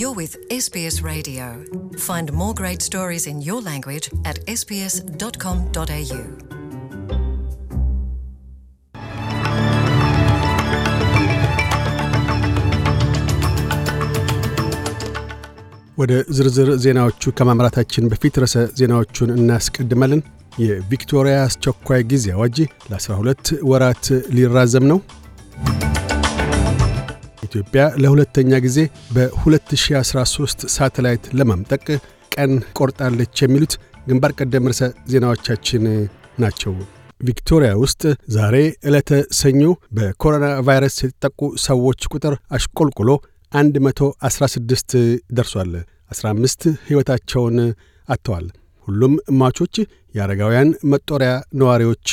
You're with SBS Radio. Find more great stories in your language at sbs.com.au. ወደ ዝርዝር ዜናዎቹ ከማምራታችን በፊት ርዕሰ ዜናዎቹን እናስቀድማለን። የቪክቶሪያ አስቸኳይ ጊዜ አዋጅ ለ12 ወራት ሊራዘም ነው። ኢትዮጵያ ለሁለተኛ ጊዜ በ2013 ሳተላይት ለማምጠቅ ቀን ቆርጣለች የሚሉት ግንባር ቀደም ርዕሰ ዜናዎቻችን ናቸው። ቪክቶሪያ ውስጥ ዛሬ ዕለተ ሰኞ በኮሮና ቫይረስ የተጠቁ ሰዎች ቁጥር አሽቆልቁሎ 116 ደርሷል። 15 ሕይወታቸውን አጥተዋል። ሁሉም ማቾች የአረጋውያን መጦሪያ ነዋሪዎች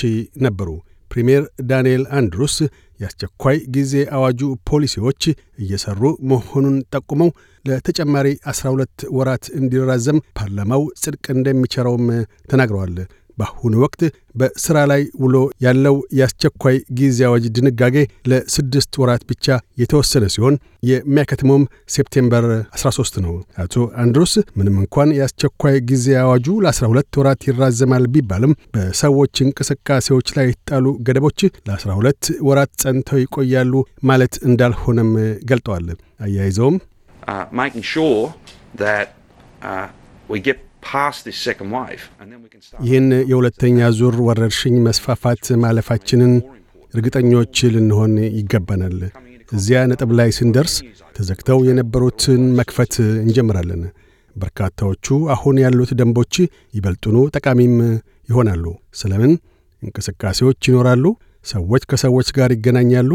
ነበሩ። ፕሪምየር ዳንኤል አንድሩስ የአስቸኳይ ጊዜ አዋጁ ፖሊሲዎች እየሰሩ መሆኑን ጠቁመው ለተጨማሪ 12 ወራት እንዲራዘም ፓርላማው ጽድቅ እንደሚቸረውም ተናግረዋል። በአሁኑ ወቅት በሥራ ላይ ውሎ ያለው የአስቸኳይ ጊዜ አዋጅ ድንጋጌ ለስድስት ወራት ብቻ የተወሰነ ሲሆን የሚያከትመውም ሴፕቴምበር 13 ነው። አቶ አንድሮስ ምንም እንኳን የአስቸኳይ ጊዜ አዋጁ ለ12 ወራት ይራዘማል ቢባልም በሰዎች እንቅስቃሴዎች ላይ የተጣሉ ገደቦች ለ12 ወራት ጸንተው ይቆያሉ ማለት እንዳልሆነም ገልጠዋል። አያይዘውም uh, ይህን የሁለተኛ ዙር ወረርሽኝ መስፋፋት ማለፋችንን እርግጠኞች ልንሆን ይገባናል። እዚያ ነጥብ ላይ ስንደርስ ተዘግተው የነበሩትን መክፈት እንጀምራለን። በርካታዎቹ አሁን ያሉት ደንቦች ይበልጡኑ ጠቃሚም ይሆናሉ። ስለምን እንቅስቃሴዎች ይኖራሉ። ሰዎች ከሰዎች ጋር ይገናኛሉ።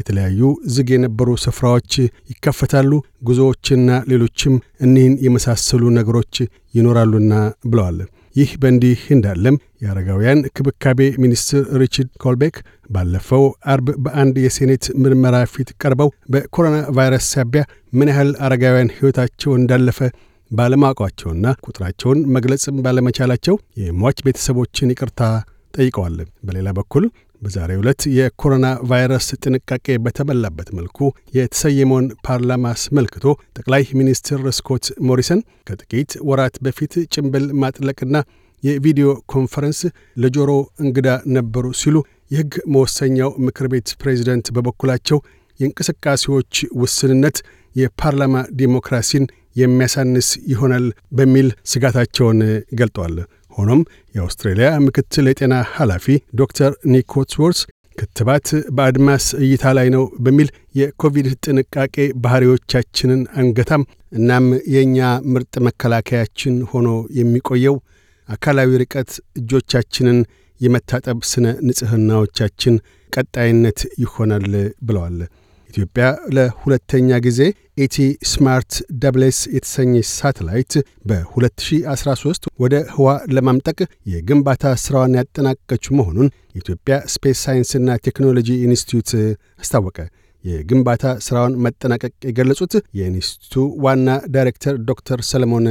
የተለያዩ ዝግ የነበሩ ስፍራዎች ይከፈታሉ፣ ጉዞዎችና ሌሎችም እኒህን የመሳሰሉ ነገሮች ይኖራሉና ብለዋል። ይህ በእንዲህ እንዳለም የአረጋውያን ክብካቤ ሚኒስትር ሪቻርድ ኮልቤክ ባለፈው አርብ በአንድ የሴኔት ምርመራ ፊት ቀርበው በኮሮና ቫይረስ ሳቢያ ምን ያህል አረጋውያን ሕይወታቸው እንዳለፈ ባለማወቃቸውና ቁጥራቸውን መግለጽም ባለመቻላቸው የሟች ቤተሰቦችን ይቅርታ ጠይቀዋል። በሌላ በኩል በዛሬ ዕለት የኮሮና ቫይረስ ጥንቃቄ በተሞላበት መልኩ የተሰየመውን ፓርላማ አስመልክቶ ጠቅላይ ሚኒስትር ስኮት ሞሪሰን ከጥቂት ወራት በፊት ጭንብል ማጥለቅና የቪዲዮ ኮንፈረንስ ለጆሮ እንግዳ ነበሩ ሲሉ የሕግ መወሰኛው ምክር ቤት ፕሬዚደንት በበኩላቸው የእንቅስቃሴዎች ውስንነት የፓርላማ ዲሞክራሲን የሚያሳንስ ይሆናል በሚል ስጋታቸውን ገልጠዋል። ሆኖም የአውስትሬልያ ምክትል የጤና ኃላፊ ዶክተር ኒኮትስወርስ ክትባት በአድማስ እይታ ላይ ነው በሚል የኮቪድ ጥንቃቄ ባህሪዎቻችንን አንገታም። እናም የእኛ ምርጥ መከላከያችን ሆኖ የሚቆየው አካላዊ ርቀት፣ እጆቻችንን የመታጠብ ስነ ንጽሕናዎቻችን ቀጣይነት ይሆናል ብለዋል። ኢትዮጵያ ለሁለተኛ ጊዜ ኢቲ ስማርት ደብሌስ የተሰኘ ሳተላይት በ2013 ወደ ህዋ ለማምጠቅ የግንባታ ሥራዋን ያጠናቀቀች መሆኑን የኢትዮጵያ ስፔስ ሳይንስና ቴክኖሎጂ ኢንስቲትዩት አስታወቀ። የግንባታ ሥራውን መጠናቀቅ የገለጹት የኢንስቲቱ ዋና ዳይሬክተር ዶክተር ሰለሞን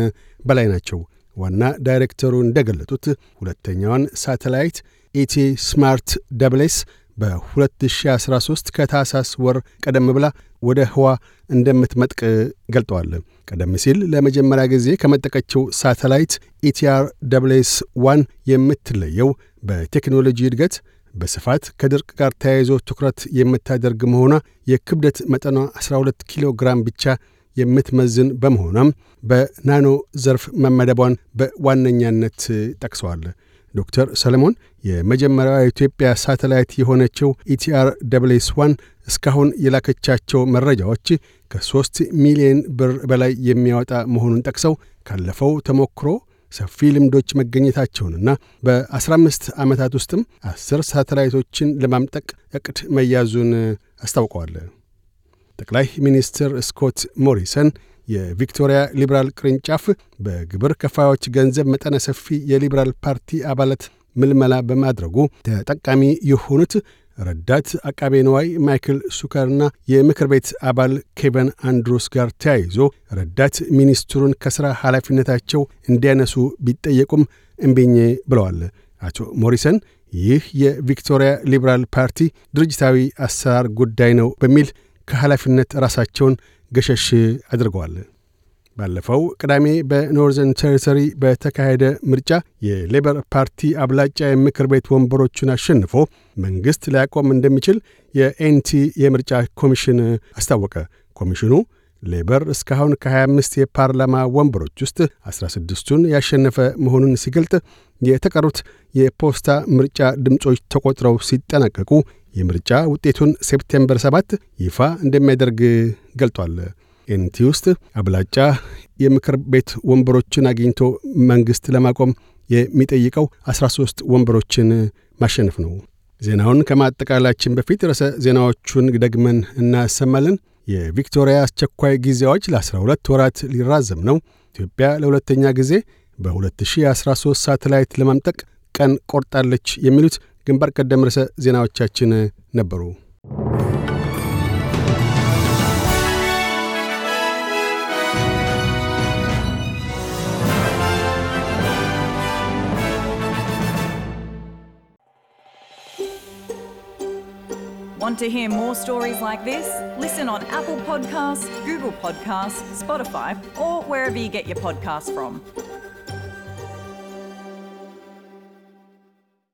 በላይ ናቸው። ዋና ዳይሬክተሩ እንደገለጡት ሁለተኛውን ሳተላይት ኢቲ ስማርት ደብሌስ በ2013 ከታሳስ ወር ቀደም ብላ ወደ ህዋ እንደምትመጥቅ ገልጠዋል። ቀደም ሲል ለመጀመሪያ ጊዜ ከመጠቀችው ሳተላይት ኢቲአር ደብልኤስ ዋን የምትለየው በቴክኖሎጂ እድገት በስፋት ከድርቅ ጋር ተያይዞ ትኩረት የምታደርግ መሆኗ የክብደት መጠኗ 12 ኪሎ ግራም ብቻ የምትመዝን በመሆኗም በናኖ ዘርፍ መመደቧን በዋነኛነት ጠቅሰዋል። ዶክተር ሰለሞን የመጀመሪያዋ የኢትዮጵያ ሳተላይት የሆነችው ኢቲአር ደብልስ ዋን እስካሁን የላከቻቸው መረጃዎች ከሦስት ሚሊዮን ብር በላይ የሚያወጣ መሆኑን ጠቅሰው ካለፈው ተሞክሮ ሰፊ ልምዶች መገኘታቸውንና በ15 ዓመታት ውስጥም አስር ሳተላይቶችን ለማምጠቅ እቅድ መያዙን አስታውቀዋል። ጠቅላይ ሚኒስትር ስኮት ሞሪሰን የቪክቶሪያ ሊብራል ቅርንጫፍ በግብር ከፋዮች ገንዘብ መጠነ ሰፊ የሊብራል ፓርቲ አባላት ምልመላ በማድረጉ ተጠቃሚ የሆኑት ረዳት አቃቤ ነዋይ ማይክል ሱከርና የምክር ቤት አባል ኬቨን አንድሮስ ጋር ተያይዞ ረዳት ሚኒስትሩን ከሥራ ኃላፊነታቸው እንዲያነሱ ቢጠየቁም እምቢኜ ብለዋል። አቶ ሞሪሰን ይህ የቪክቶሪያ ሊብራል ፓርቲ ድርጅታዊ አሰራር ጉዳይ ነው በሚል ከኃላፊነት ራሳቸውን ገሸሽ አድርገዋል። ባለፈው ቅዳሜ በኖርዘርን ቴሪተሪ በተካሄደ ምርጫ የሌበር ፓርቲ አብላጫ የምክር ቤት ወንበሮችን አሸንፎ መንግሥት ሊያቆም እንደሚችል የኤንቲ የምርጫ ኮሚሽን አስታወቀ። ኮሚሽኑ ሌበር እስካሁን ከ25 የፓርላማ ወንበሮች ውስጥ 16ቱን ያሸነፈ መሆኑን ሲገልጥ የተቀሩት የፖስታ ምርጫ ድምፆች ተቆጥረው ሲጠናቀቁ የምርጫ ውጤቱን ሴፕቴምበር 7 ይፋ እንደሚያደርግ ገልጧል። ኤንቲ ውስጥ አብላጫ የምክር ቤት ወንበሮችን አግኝቶ መንግሥት ለማቆም የሚጠይቀው 13 ወንበሮችን ማሸነፍ ነው። ዜናውን ከማጠቃላችን በፊት ርዕሰ ዜናዎቹን ደግመን እናሰማለን። የቪክቶሪያ አስቸኳይ ጊዜዎች ለ12 ወራት ሊራዘም ነው። ኢትዮጵያ ለሁለተኛ ጊዜ በ2013 ሳተላይት ለማምጠቅ ቀን ቆርጣለች። የሚሉት ግንባር ቀደም ርዕሰ ዜናዎቻችን ነበሩ። Want to hear more stories like this? Listen on Apple Podcasts, Google Podcasts, Spotify, or wherever you get your podcasts from.